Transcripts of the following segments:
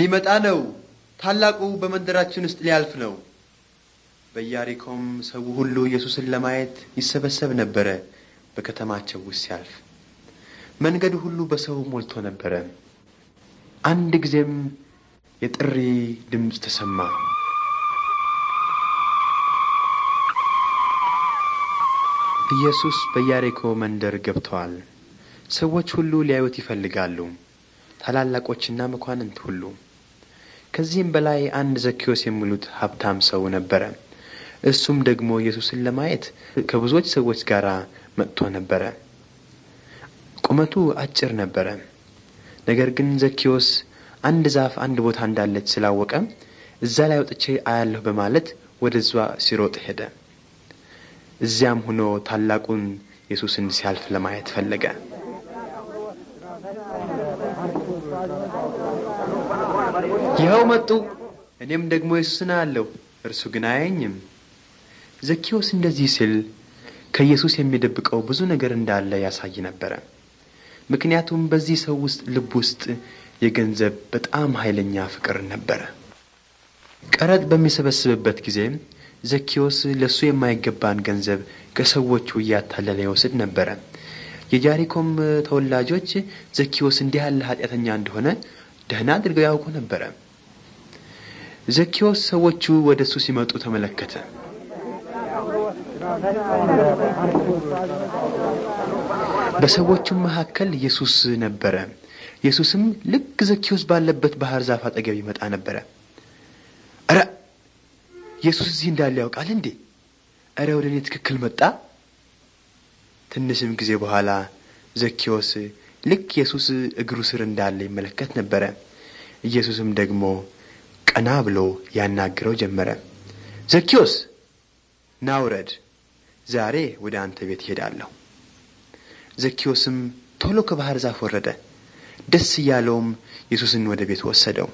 ሊመጣ ነው። ታላቁ በመንደራችን ውስጥ ሊያልፍ ነው። በኢያሪኮም ሰው ሁሉ ኢየሱስን ለማየት ይሰበሰብ ነበረ። በከተማቸው ውስጥ ሲያልፍ መንገዱ ሁሉ በሰው ሞልቶ ነበረ። አንድ ጊዜም የጥሪ ድምፅ ተሰማ። ኢየሱስ በኢያሪኮ መንደር ገብተዋል። ሰዎች ሁሉ ሊያዩት ይፈልጋሉ። ታላላቆችና መኳንንት ሁሉ። ከዚህም በላይ አንድ ዘኪዎስ የሚሉት ሀብታም ሰው ነበረ። እሱም ደግሞ ኢየሱስን ለማየት ከብዙዎች ሰዎች ጋር መጥቶ ነበረ። ቁመቱ አጭር ነበረ። ነገር ግን ዘኪዮስ አንድ ዛፍ አንድ ቦታ እንዳለች ስላወቀ እዛ ላይ ወጥቼ አያለሁ በማለት ወደዛ ሲሮጥ ሄደ። እዚያም ሆኖ ታላቁን ኢየሱስን ሲያልፍ ለማየት ፈለገ። ይኸው መጡ። እኔም ደግሞ ኢየሱስን አለሁ፣ እርሱ ግን አያኝም። ዘኪዎስ እንደዚህ ሲል ከኢየሱስ የሚደብቀው ብዙ ነገር እንዳለ ያሳይ ነበረ። ምክንያቱም በዚህ ሰው ውስጥ ልብ ውስጥ የገንዘብ በጣም ኃይለኛ ፍቅር ነበረ። ቀረጥ በሚሰበስብበት ጊዜ ዘኪዎስ ለእሱ የማይገባን ገንዘብ ከሰዎቹ እያታለለ ይወስድ ነበረ። የጃሪኮም ተወላጆች ዘኪዎስ እንዲህ ያለ ኃጢአተኛ እንደሆነ ደህና አድርገው ያውቁ ነበረ። ዘኪዎስ ሰዎቹ ወደ እሱ ሲመጡ ተመለከተ። በሰዎቹም መካከል ኢየሱስ ነበረ። ኢየሱስም ልክ ዘኪዎስ ባለበት ባህር ዛፍ አጠገብ ይመጣ ነበረ። ኧረ ኢየሱስ እዚህ እንዳለ ያውቃል እንዴ? እረ ወደ እኔ ትክክል መጣ። ትንሽም ጊዜ በኋላ ዘኪዎስ ልክ ኢየሱስ እግሩ ስር እንዳለ ይመለከት ነበረ። ኢየሱስም ደግሞ ቀና ብሎ ያናግረው ጀመረ። ዘኪዮስ ናውረድ ዛሬ ወደ አንተ ቤት ይሄዳለሁ። ዘኪዮስም ቶሎ ከባህር ዛፍ ወረደ። ደስ እያለውም ኢየሱስን ወደ ቤት ወሰደው።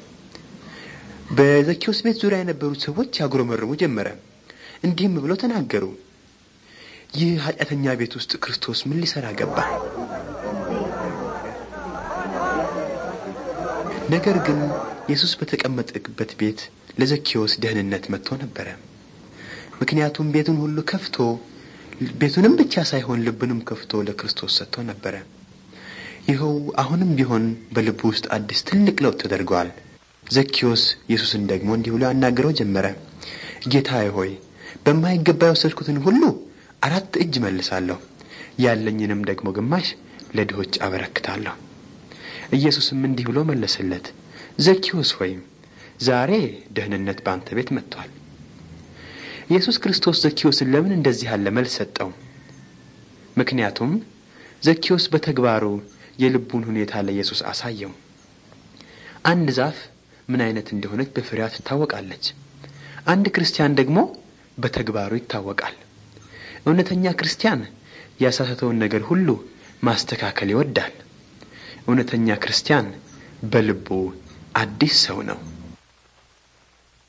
በዘኪዮስ ቤት ዙሪያ የነበሩት ሰዎች ያጉረመርሙ ጀመረ። እንዲህም ብሎ ተናገሩ፣ ይህ ኃጢአተኛ ቤት ውስጥ ክርስቶስ ምን ሊሰራ ገባ? ነገር ግን ኢየሱስ በተቀመጠበት ቤት ለዘኪዎስ ደህንነት መጥቶ ነበረ። ምክንያቱም ቤቱን ሁሉ ከፍቶ ቤቱንም ብቻ ሳይሆን ልብንም ከፍቶ ለክርስቶስ ሰጥቶ ነበረ። ይኸው አሁንም ቢሆን በልቡ ውስጥ አዲስ ትልቅ ለውጥ ተደርጓል። ዘኪዎስ ኢየሱስን ደግሞ እንዲህ ብሎ ያናገረው ጀመረ። ጌታዬ ሆይ በማይገባ የወሰድኩትን ሁሉ አራት እጅ መልሳለሁ፣ ያለኝንም ደግሞ ግማሽ ለድሆች አበረክታለሁ። ኢየሱስም እንዲህ ብሎ መለሰለት፣ ዘኪዎስ ሆይም ዛሬ ደህንነት በአንተ ቤት መጥቷል። ኢየሱስ ክርስቶስ ዘኪዎስን ለምን እንደዚህ ያለ መልስ ሰጠው? ምክንያቱም ዘኪዎስ በተግባሩ የልቡን ሁኔታ ለኢየሱስ አሳየው። አንድ ዛፍ ምን አይነት እንደሆነች በፍሬዋ ትታወቃለች። አንድ ክርስቲያን ደግሞ በተግባሩ ይታወቃል። እውነተኛ ክርስቲያን ያሳሰተውን ነገር ሁሉ ማስተካከል ይወዳል። እውነተኛ ክርስቲያን በልቡ አዲስ ሰው ነው።